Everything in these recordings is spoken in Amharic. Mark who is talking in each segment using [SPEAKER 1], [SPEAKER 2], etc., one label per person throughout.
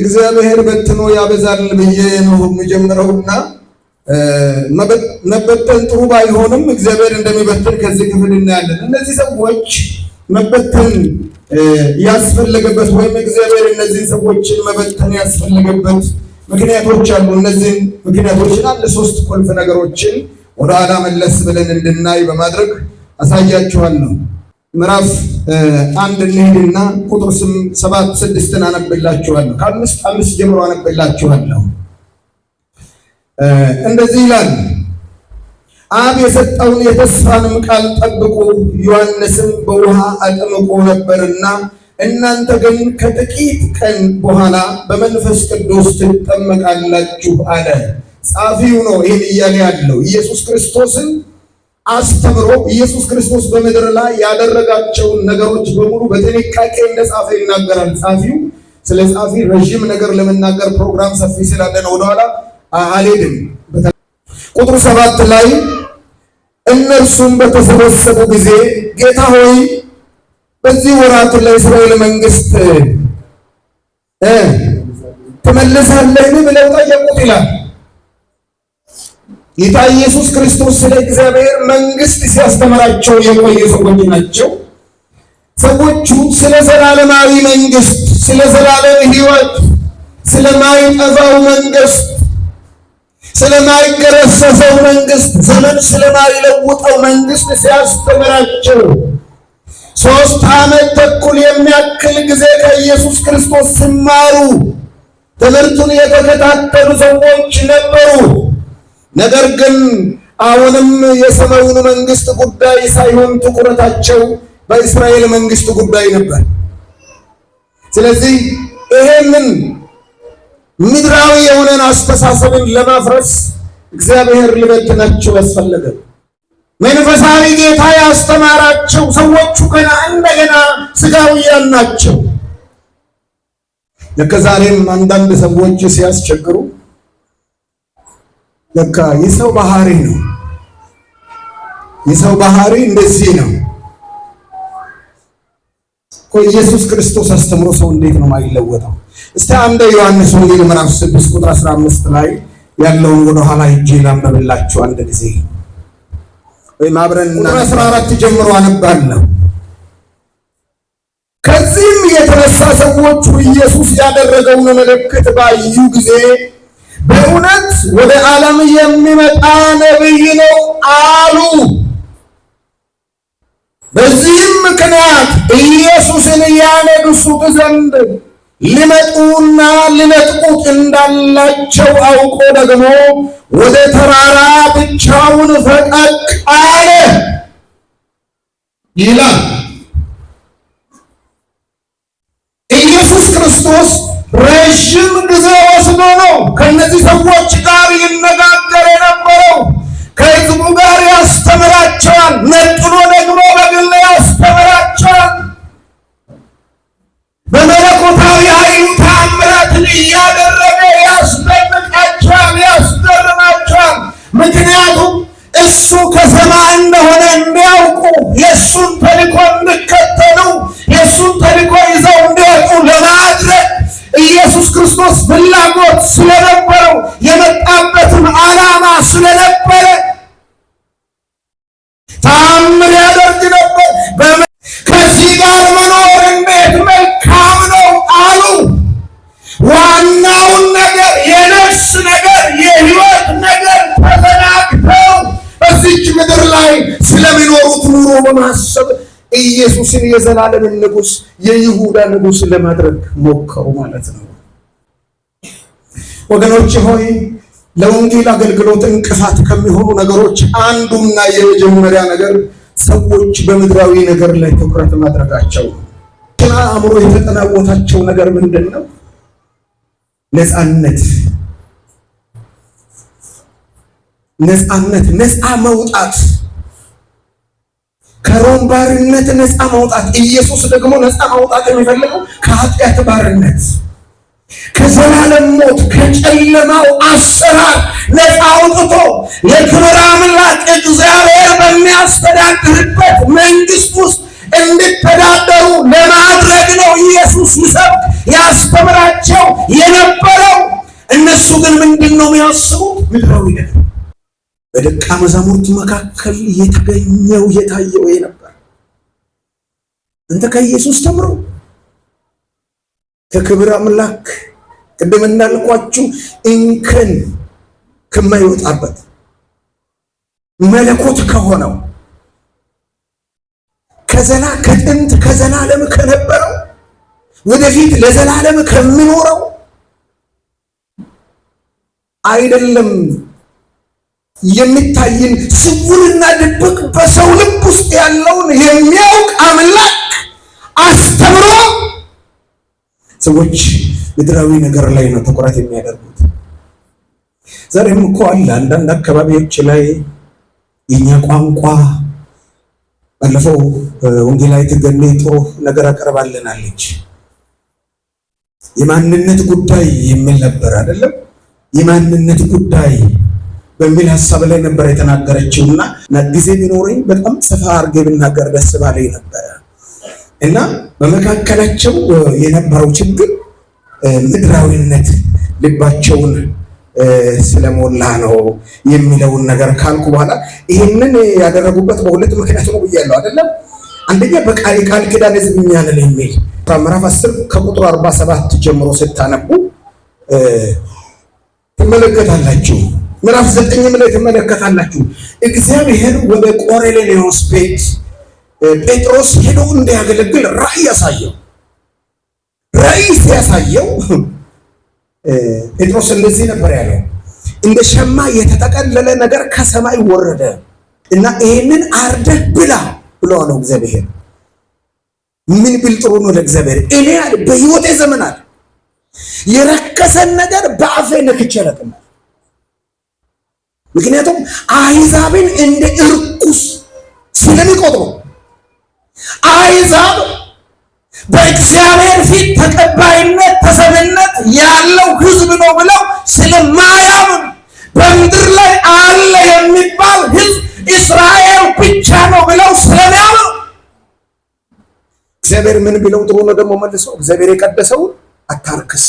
[SPEAKER 1] እግዚአብሔር በትኖ ያበዛል ብዬ ነው የሚጀምረውና መበተን ጥሩ ባይሆንም እግዚአብሔር እንደሚበትን ከዚህ ክፍል እናያለን። እነዚህ ሰዎች መበተን ያስፈለገበት ወይም እግዚአብሔር እነዚህን ሰዎችን መበተን ያስፈለገበት ምክንያቶች አሉ። እነዚህን ምክንያቶችን አንድ ሶስት ቁልፍ ነገሮችን ወደ ኋላ መለስ ብለን እንድናይ በማድረግ አሳያችኋለሁ። ምዕራፍ አንድ እንሂድና ቁጥር ሰባት ስድስትን አነብላችኋለሁ። ከአምስት አምስት ጀምሮ አነብላችኋለሁ። እንደዚህ ይላል አብ የሰጠውን የተስፋንም ቃል ጠብቁ፣ ዮሐንስም በውሃ አጥምቆ ነበርና እናንተ ግን ከጥቂት ቀን በኋላ በመንፈስ ቅዱስ ትጠመቃላችሁ አለ። ጻፊው ነው ይህን እያለ ያለው ኢየሱስ ክርስቶስን አስተምሮ ኢየሱስ ክርስቶስ በምድር ላይ ያደረጋቸውን ነገሮች በሙሉ በጥንቃቄ እንደጻፈ ይናገራል። ጻፊው ስለ ጻፊ ረዥም ነገር ለመናገር ፕሮግራም ሰፊ ስላለን ወደኋላ አልሄድም። ቁጥር ሰባት ላይ እነርሱም በተሰበሰቡ ጊዜ ጌታ ሆይ በዚህ ወራት ለእስራኤል መንግስት ትመልሳለህን ብለው ጠየቁት ይላል። ጌታ ኢየሱስ ክርስቶስ ስለ እግዚአብሔር መንግስት ሲያስተምራቸው የቆዩ ሰዎች ናቸው። ሰዎቹ ስለ ዘላለማዊ መንግስት፣ ስለ ዘላለም ህይወት፣ ስለ መንግስት መንግሥት፣ ስለ ማይገረሰሰው ዘመን ስለማይለውጠው መንግስት ሲያስተምራቸው ሦስት ዓመት ተኩል የሚያክል ጊዜ ከኢየሱስ ክርስቶስ ሲማሩ ትምህርቱን የተከታተሉ ሰዎች ነበሩ። ነገር ግን አሁንም የሰማዩን መንግስት ጉዳይ ሳይሆን ትኩረታቸው በእስራኤል መንግስት ጉዳይ ነበር። ስለዚህ ይሄንን ምድራዊ የሆነን አስተሳሰብን ለማፍረስ እግዚአብሔር ሊበትናቸው አስፈለገ። መንፈሳዊ ጌታ ያስተማራቸው ሰዎቹ ገና እንደገና ስጋውያን ናቸው። ለከዛሬም አንዳንድ ሰዎች ሲያስቸግሩ ለካ የሰው ባህሪ ነው። የሰው ባህሪ እንደዚህ ነው እኮ ኢየሱስ ክርስቶስ አስተምሮ ሰው እንዴት ነው የማይለወጠው? እስቲ አንደ ዮሐንስ ወንጌል ምዕራፍ 6 ቁጥር 15 ላይ ያለውን ወደ ኋላ ሂጄ ላንብብላችሁ አንድ ጊዜ ወይም አብረን ቁጥር 14 ጀምሮ አነባለሁ። ከዚህም የተነሳ ሰዎቹ ኢየሱስ ያደረገውን ምልክት ባዩ ጊዜ በእውነት ወደ ዓለም የሚመጣ ነቢይ ነው አሉ። በዚህም ምክንያት ኢየሱስን ያነግሱት ዘንድ ሊመጡና ሊነጥቁት እንዳላቸው አውቆ ደግሞ ወደ ተራራ ብቻውን ፈቀቅ አለ ይላል ኢየሱስ ክርስቶስ ክርስቶስ ፍላጎት ስለነበረው የመጣበትም ዓላማ ስለነበረ ታምር ያደርግ ነበር። ከዚህ ጋር መኖር እንዴት መልካም ነው አሉ። ዋናውን ነገር የነፍስ ነገር የህይወት ነገር ተዘናግተው በዚች ምድር ላይ ስለሚኖሩት ኑሮ በማሰብ ኢየሱስን የዘላለምን ንጉሥ የይሁዳ ንጉሥ ለማድረግ ሞከሩ ማለት ነው። ወገኖች ሆይ ለወንጌል አገልግሎት እንቅፋት ከሚሆኑ ነገሮች አንዱና የመጀመሪያ ነገር ሰዎች በምድራዊ ነገር ላይ ትኩረት ማድረጋቸው ና አእምሮ የተጠናወታቸው ነገር ምንድን ነው? ነፃነት፣ ነፃነት፣ ነፃ መውጣት፣ ከሮም ባርነት ነፃ መውጣት። ኢየሱስ ደግሞ ነፃ መውጣት የሚፈልገው ከኃጢአት ባርነት ከዘላለም ሞት ከጨለማው አሰራር ነፃ አውጥቶ የክብር አምላክ እግዚአብሔር በሚያስተዳድርበት መንግስት ውስጥ እንድተዳደሩ ለማድረግ ነው ኢየሱስ ይሰብክ ያስተምራቸው የነበረው። እነሱ ግን ምንድን ነው የሚያስቡት? ምድራዊ ነገር በደቀ መዛሙርቱ መካከል የተገኘው የታየው ነበር። እንተ ከኢየሱስ ተምሮ ከክብር አምላክ ቅድም እንዳልኳችሁ እንከን ከማይወጣበት መለኮት ከሆነው ከዘላ ከጥንት ከዘላለም ከነበረው ወደፊት ለዘላለም ከሚኖረው አይደለም የሚታይን ስውርና ድብቅ በሰው ልብ ውስጥ ያለውን የሚያውቅ አምላክ አስተምሮ ሰዎች ምድራዊ ነገር ላይ ነው ትኩረት የሚያደርጉት። ዛሬም እኮ አለ አንዳንድ አካባቢዎች ላይ የኛ ቋንቋ ባለፈው ወንጌላዊት ገኔ ጥሩ ነገር አቀርባልናለች። የማንነት ጉዳይ የሚል ነበር አይደለም? የማንነት ጉዳይ በሚል ሀሳብ ላይ ነበር የተናገረችው እና ጊዜ ቢኖረኝ በጣም ሰፋ አድርጌ ብናገር ደስ ባለኝ ነበረ። እና በመካከላቸው የነበረው ችግር ምድራዊነት ልባቸውን ስለሞላ ነው የሚለውን ነገር ካልኩ በኋላ ይህንን ያደረጉበት በሁለት ምክንያት ነው ብያለሁ አይደለም። አንደኛ በቃል ቃል ኪዳን ሕዝብ እኛ ነን የሚል ምዕራፍ አስር ከቁጥር አርባ ሰባት ጀምሮ ስታነቡ ትመለከታላችሁ። ምዕራፍ ዘጠኝም ላይ ትመለከታላችሁ። እግዚአብሔር ወደ ቆርኔሌዎስ ቤት ጴጥሮስ ሄዶ እንዲያገለግል ራእይ ያሳየው። ራእይ ሲያሳየው ጴጥሮስ እንደዚህ ነበር ያለው፣ እንደ ሸማ የተጠቀለለ ነገር ከሰማይ ወረደ እና ይህንን አርደህ ብላ ብሎ ነው እግዚአብሔር። ምን ብል ጥሩ ነው ለእግዚአብሔር? እኔ በህይወቴ ዘመናት የረከሰን ነገር በአፌ ነክቼ አላውቅም። ምክንያቱም አሕዛብን እንደ እርኩስ ስለሚቆጥሩ አይዛብ በእግዚአብሔር ፊት ተቀባይነት ተሰብነት ያለው ህዝብ ነው ብለው ስለማያምን በምድር ላይ አለ የሚባል ህዝብ እስራኤል ብቻ ነው ብለው ስለሚያምኑ እግዚአብሔር ምን ቢለው ጥሩ ነው ደግሞ መልሰው እግዚአብሔር የቀደሰውን አታርክስ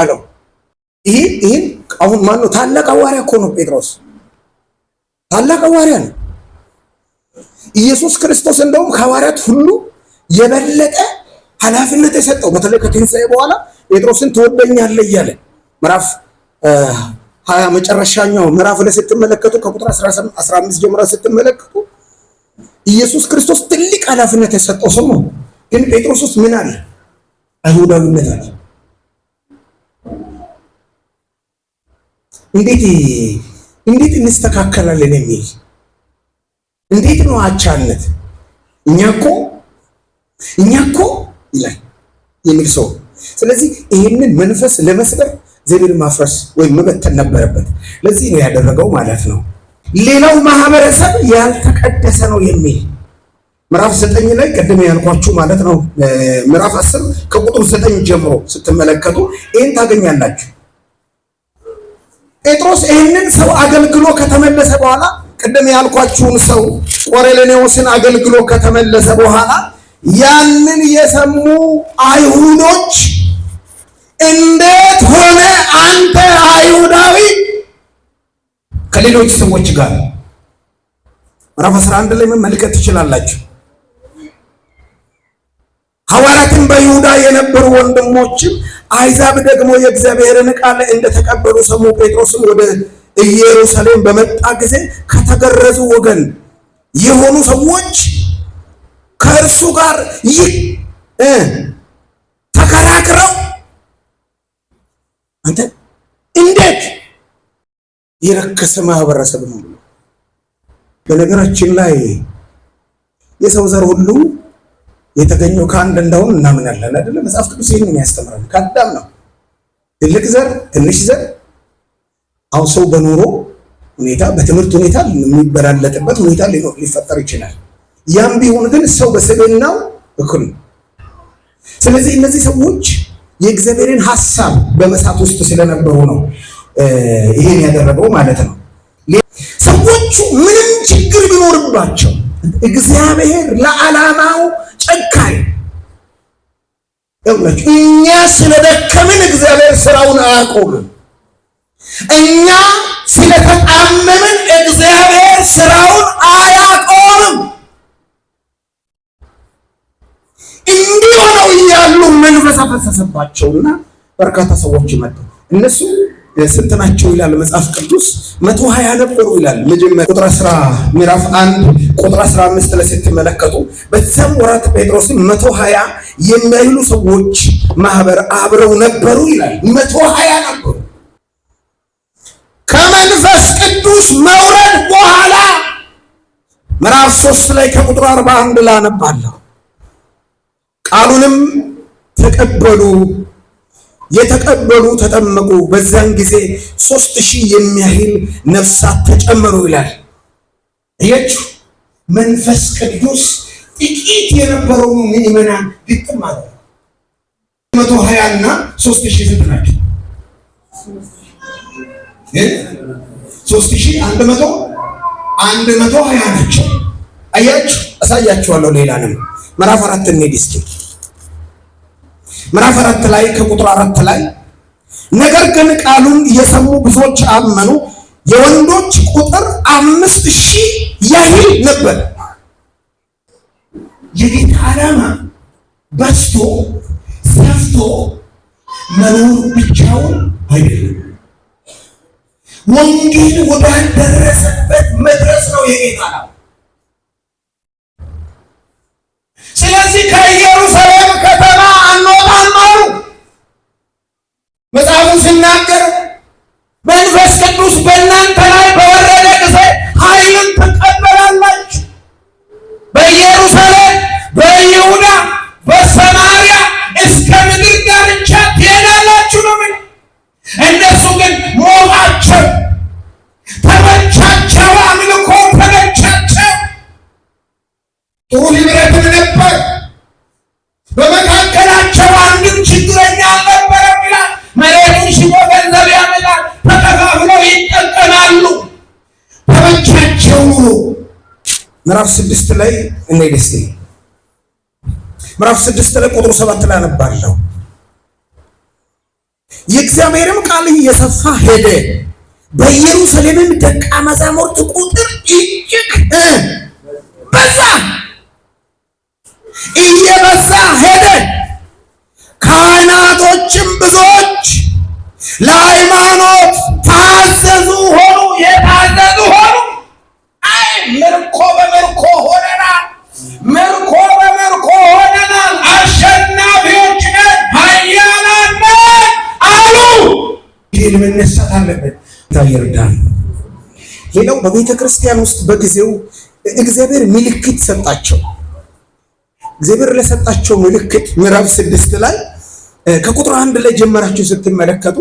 [SPEAKER 1] አለው። ይህ ይህን አሁን ማነው ታላቅ ሐዋርያ እኮ ነው ጴጥሮስ ታላቅ ሐዋርያ ነው። ኢየሱስ ክርስቶስ እንደውም ሐዋርያት ሁሉ የበለጠ ኃላፊነት የሰጠው በተለይ ከትንሣኤ በኋላ ጴጥሮስን ትወደኛለህ እያለ ምዕራፍ ሀያ መጨረሻኛው ምዕራፍ ላይ ስትመለከቱ ከቁጥር 15 ጀምሮ ስትመለከቱ ኢየሱስ ክርስቶስ ትልቅ ኃላፊነት የሰጠው ሰው ነው። ግን ጴጥሮስ ውስጥ ምን አለ? አይሁዳዊነት አለ። እንዴት እንዴት እንስተካከላለን የሚል እንዴት ነው አቻነት? እኛ እኮ እኛ እኮ ይላል የሚል ሰው። ስለዚህ ይህንን መንፈስ ለመስበር ዘቤን ማፍረስ ወይም መበተን ነበረበት። ለዚህ ነው ያደረገው ማለት ነው። ሌላው ማህበረሰብ ያልተቀደሰ ነው የሚል ምዕራፍ ዘጠኝ ላይ ቅድም ያልኳችሁ ማለት ነው። ምዕራፍ አስር ከቁጥር ዘጠኝ ጀምሮ ስትመለከቱ ይህን ታገኛላችሁ። ጴጥሮስ ይህንን ሰው አገልግሎ ከተመለሰ በኋላ ቅድም ያልኳችሁን ሰው ቆርኔሌዎስን አገልግሎ ከተመለሰ በኋላ ያንን የሰሙ አይሁዶች እንዴት ሆነ አንተ አይሁዳዊ ከሌሎች ሰዎች ጋር ምዕራፍ 11 ላይ መመልከት ትችላላችሁ። ሐዋርያትም በይሁዳ የነበሩ ወንድሞችም አይዛብ ደግሞ የእግዚአብሔርን ቃል እንደተቀበሉ ሰሙ። ጴጥሮስም ወደ ኢየሩሳሌም በመጣ ጊዜ ከተገረዙ ወገን የሆኑ ሰዎች ከእርሱ ጋር ይህ ተከራክረው አንተ እንዴት የረከሰ ማህበረሰብ ነው። በነገራችን ላይ የሰው ዘር ሁሉ የተገኘው ከአንድ እንደሆነ እናምናለን አይደለ? መጽሐፍ ቅዱስ ይህንን ያስተምራል ከአዳም ነው። ትልቅ ዘር፣ ትንሽ ዘር አሁን ሰው በኑሮ ሁኔታ በትምህርት ሁኔታ የሚበላለጥበት ሁኔታ ሊፈጠር ይችላል። ያም ቢሆን ግን ሰው በስብዕናው እኩል ነው። ስለዚህ እነዚህ ሰዎች የእግዚአብሔርን ሀሳብ በመሳት ውስጥ ስለነበሩ ነው ይሄን ያደረገው ማለት ነው። ሰዎቹ ምንም ችግር ቢኖርባቸው እግዚአብሔር ለዓላማው ጨካኝ እኛ ስለደከምን እግዚአብሔር ስራውን አያቆምም። እኛ ስለተጣመምን እግዚአብሔር ስራውን አያቆምም። እንዲህ ሆነው እያሉ መንፈስ አፈሰሰባቸውና በርካታ ሰዎች መጡ። እነሱ ስንት ናቸው ይላል መጽሐፍ ቅዱስ? መቶ ሀያ ነበሩ ይላል። መጀመሪያ ቁጥር አስራ ምዕራፍ አንድ ቁጥር አስራ አምስት ላይ ስትመለከቱ በዚያም ወራት ጴጥሮስን መቶ ሀያ የሚያህሉ ሰዎች ማህበር አብረው ነበሩ ይላል። መቶ ሀያ ነበሩ መንፈስ ቅዱስ መውረድ በኋላ ምዕራፍ ሶስት ላይ ከቁጥር አርባ አንድ ላነባለሁ። ቃሉንም ተቀበሉ፣ የተቀበሉ ተጠመቁ፣ በዚያን ጊዜ ሶስት ሺህ የሚያህል ነፍሳት ተጨመሩ ይላል። እያችሁ መንፈስ ቅዱስ ጥቂት የነበረው ምዕመናን ድቅም ማለት መቶ ሀያ እና ሶስት ሺህ ስንት ናቸው? ሶስት ሺህ አንድ መቶ አንድ መቶ ሀያ ናቸው። አያችሁ፣ አሳያችኋለሁ። ሌላንም ምዕራፍ አራት እንሂድ እስኪ። ምዕራፍ አራት ላይ ከቁጥር አራት ላይ ነገር ግን ቃሉን የሰሙ ብዙዎች አመኑ፣ የወንዶች ቁጥር አምስት ሺህ ያህል ነበር። የጌታ ዓላማ በስቶ ሰፍቶ መኖር ብቻውን አይደለም። ወንጌል ወዳልደረሰበት መድረስ ነው የጌታ ነው። ስለዚህ ከኢየሩሳሌም ከተማ አንወጣም አሉ። መጽሐፉ ሲናገር መንፈስ ቅዱስ በእናንተ ላይ በወረደ ጊዜ ኃይልን ትቀበላላችሁ በኢየሩሳሌም በይሁ ምዕራፍ ስድስት ላይ እኔ ደስ ምዕራፍ ስድስት ላይ ቁጥር ሰባት ላይ አነባለሁ። የእግዚአብሔርም ቃል እየሰፋ ሄደ፣ በኢየሩሳሌምም ደቀ መዛሙርት ቁጥር እጅግ በዛ፣ እየበዛ ሄደ። ካህናቶችም ብዙዎች ለሃይማኖት ይርዳል። ሌላው በቤተ ክርስቲያን ውስጥ በጊዜው እግዚአብሔር ምልክት ሰጣቸው። እግዚአብሔር ለሰጣቸው ምልክት ምዕራፍ ስድስት ላይ ከቁጥር አንድ ላይ ጀመራችሁ ስትመለከቱ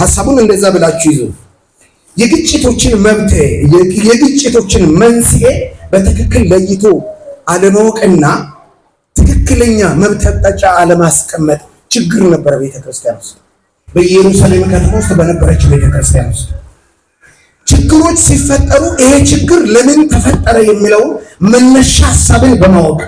[SPEAKER 1] ሀሳቡን እንደዛ ብላችሁ ይዙ። የግጭቶችን መብት የግጭቶችን መንስኤ በትክክል ለይቶ አለማወቅና ትክክለኛ መብት አቅጣጫ አለማስቀመጥ ችግር ነበር ክርስቲያን ውስጥ በኢየሩሳሌም ከተማ ውስጥ በነበረችው ቤተክርስቲያን ውስጥ ችግሮች ሲፈጠሩ ይሄ ችግር ለምን ተፈጠረ የሚለውን መነሻ ሀሳብን በማወቅ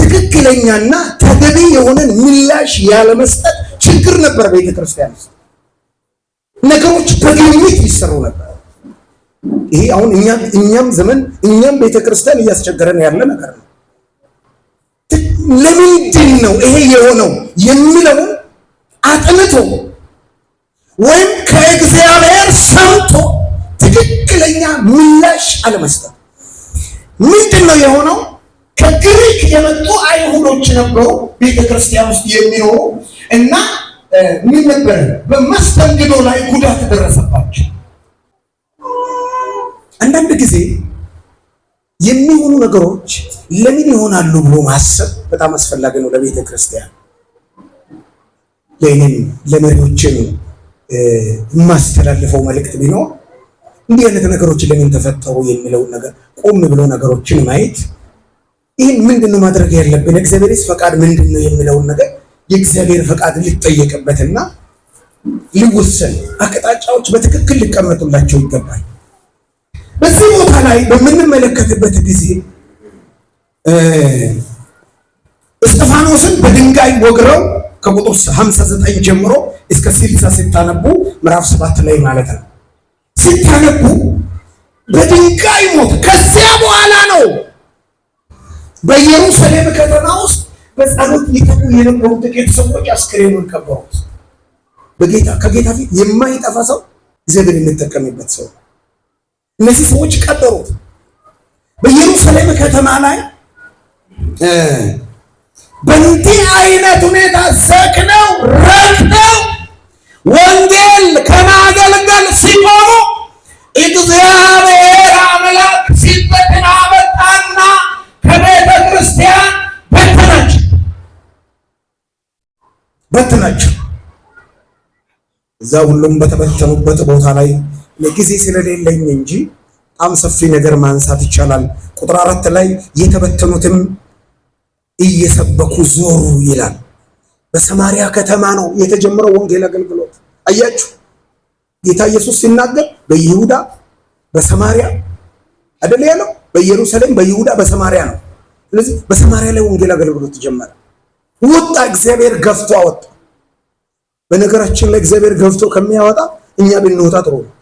[SPEAKER 1] ትክክለኛና ተገቢ የሆነን ምላሽ ያለመስጠት ችግር ነበር። ቤተክርስቲያን ውስጥ ነገሮች በግምት ይሰሩ ነበር። ይሄ አሁን እኛም ዘመን እኛም ቤተክርስቲያን እያስቸገረን ያለ ነገር ነው። ለምንድን ነው ይሄ የሆነው የሚለውን አጥንቶ ወይም ከእግዚአብሔር ሰምቶ ትክክለኛ ምላሽ አለመስጠት። ምንድን ነው የሆነው? ከግሪክ የመጡ አይሁዶች ነበሩ ቤተ ክርስቲያን ውስጥ የሚኖሩ እና ምን ነበር በመስተንግዶ ላይ ጉዳት ደረሰባቸው። አንዳንድ ጊዜ የሚሆኑ ነገሮች ለምን ይሆናሉ ብሎ ማሰብ በጣም አስፈላጊ ነው ለቤተ ክርስቲያን፣ ለእኔም ለመሪዎችም የማስተላልፈው መልእክት ቢኖር እንዲህ አይነት ነገሮች ለምን ተፈጠሩ የሚለውን ነገር ቆም ብሎ ነገሮችን ማየት፣ ይህን ምንድን ነው ማድረግ ያለብን፣ እግዚአብሔርስ ፈቃድ ምንድን ነው የሚለውን ነገር የእግዚአብሔር ፈቃድ ሊጠየቅበትና ሊወሰን አቅጣጫዎች በትክክል ሊቀመጡላቸው ይገባል። በዚህ ቦታ ላይ በምንመለከትበት ጊዜ እስጢፋኖስን በድንጋይ ወግረው ከቁጥር 59 ጀምሮ እስከ ስልሳ ስታነቡ ምዕራፍ 7 ላይ ማለት ነው። ስታነቡ በድንጋይ ሞት። ከዚያ በኋላ ነው በኢየሩሳሌም ከተማ ውስጥ በጸሎት ይተጉ የነበሩ ጥቂት ሰዎች አስክሬኑን ቀበሩት። በጌታ ከጌታ ፊት የማይጠፋ ሰው እግዚአብሔር የሚጠቀምበት ሰው እነዚህ ሰዎች ቀበሩት በኢየሩሳሌም ከተማ ላይ በእንዲህ አይነት ሁኔታ ሰክነው ረክተው ወንጌል ከማገልገል ሲቆሙ እግዚአብሔር አምላክ ሲበትን አመጣና ከቤተ ክርስቲያን በትናቸው በትናቸው። እዛ ሁሉም በተበተኑበት ቦታ ላይ ለጊዜ ስለሌለኝ እንጂ በጣም ሰፊ ነገር ማንሳት ይቻላል። ቁጥር አራት ላይ የተበተኑትም እየሰበኩ ዞሩ ይላል። በሰማሪያ ከተማ ነው የተጀመረው ወንጌል አገልግሎት። አያችሁ ጌታ ኢየሱስ ሲናገር በይሁዳ በሰማሪያ አደለ ያለው? በኢየሩሳሌም በይሁዳ በሰማሪያ ነው። ስለዚህ በሰማሪያ ላይ ወንጌል አገልግሎት ጀመረ። ወጣ፣ እግዚአብሔር ገፍቶ አወጣ። በነገራችን ላይ እግዚአብሔር ገፍቶ ከሚያወጣ እኛ ብንወጣ ጥሩ ነው።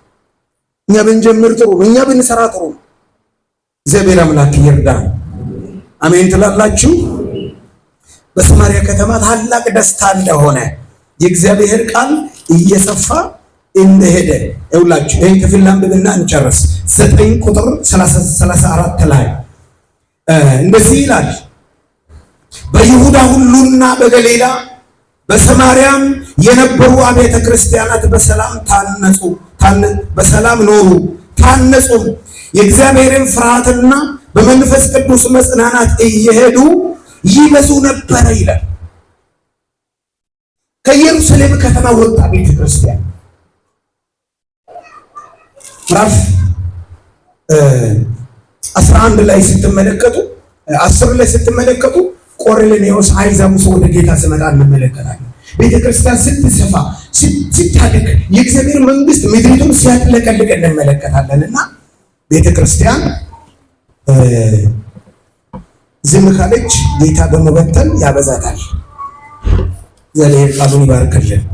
[SPEAKER 1] እኛ ብንጀምር ጥሩ ነው። እኛ ብንሰራ ጥሩ ነው። እግዚአብሔር አምላክ ይርዳ። አሜን ትላላችሁ። በሰማሪያ ከተማ ታላቅ ደስታ እንደሆነ የእግዚአብሔር ቃል እየሰፋ እንደሄደ ይውላችሁ። ይህ ክፍል ላንብብና እንጨርስ። ዘጠኝ ቁጥር 34 ላይ እንደዚህ ይላል፣ በይሁዳ ሁሉና በገሊላ በሰማርያም የነበሩ አብያተ ክርስቲያናት በሰላም ታነጹ፣ በሰላም ኖሩ፣ ታነጹም የእግዚአብሔርን ፍርሃትና በመንፈስ ቅዱስ መጽናናት እየሄዱ ይበዙ ነበረ ይላል። ከኢየሩሳሌም ከተማ ወጣ ቤተ ክርስቲያን ምዕራፍ አስራ አንድ ላይ ስትመለከቱ አስር ላይ ስትመለከቱ ቆርኔሌዎስ አይዛቡ ሰው ወደ ጌታ ስመጣ እንመለከታለን። ቤተ ክርስቲያን ስትሰፋ ስታድግ፣ የእግዚአብሔር መንግስት ምድሪቱን ሲያጥለቀልቅ እንመለከታለን እና ቤተ ክርስቲያን ዝም ካለች ጌታ በመበተን ያበዛታል። እግዚአብሔር ቃሉን ይባርክልን።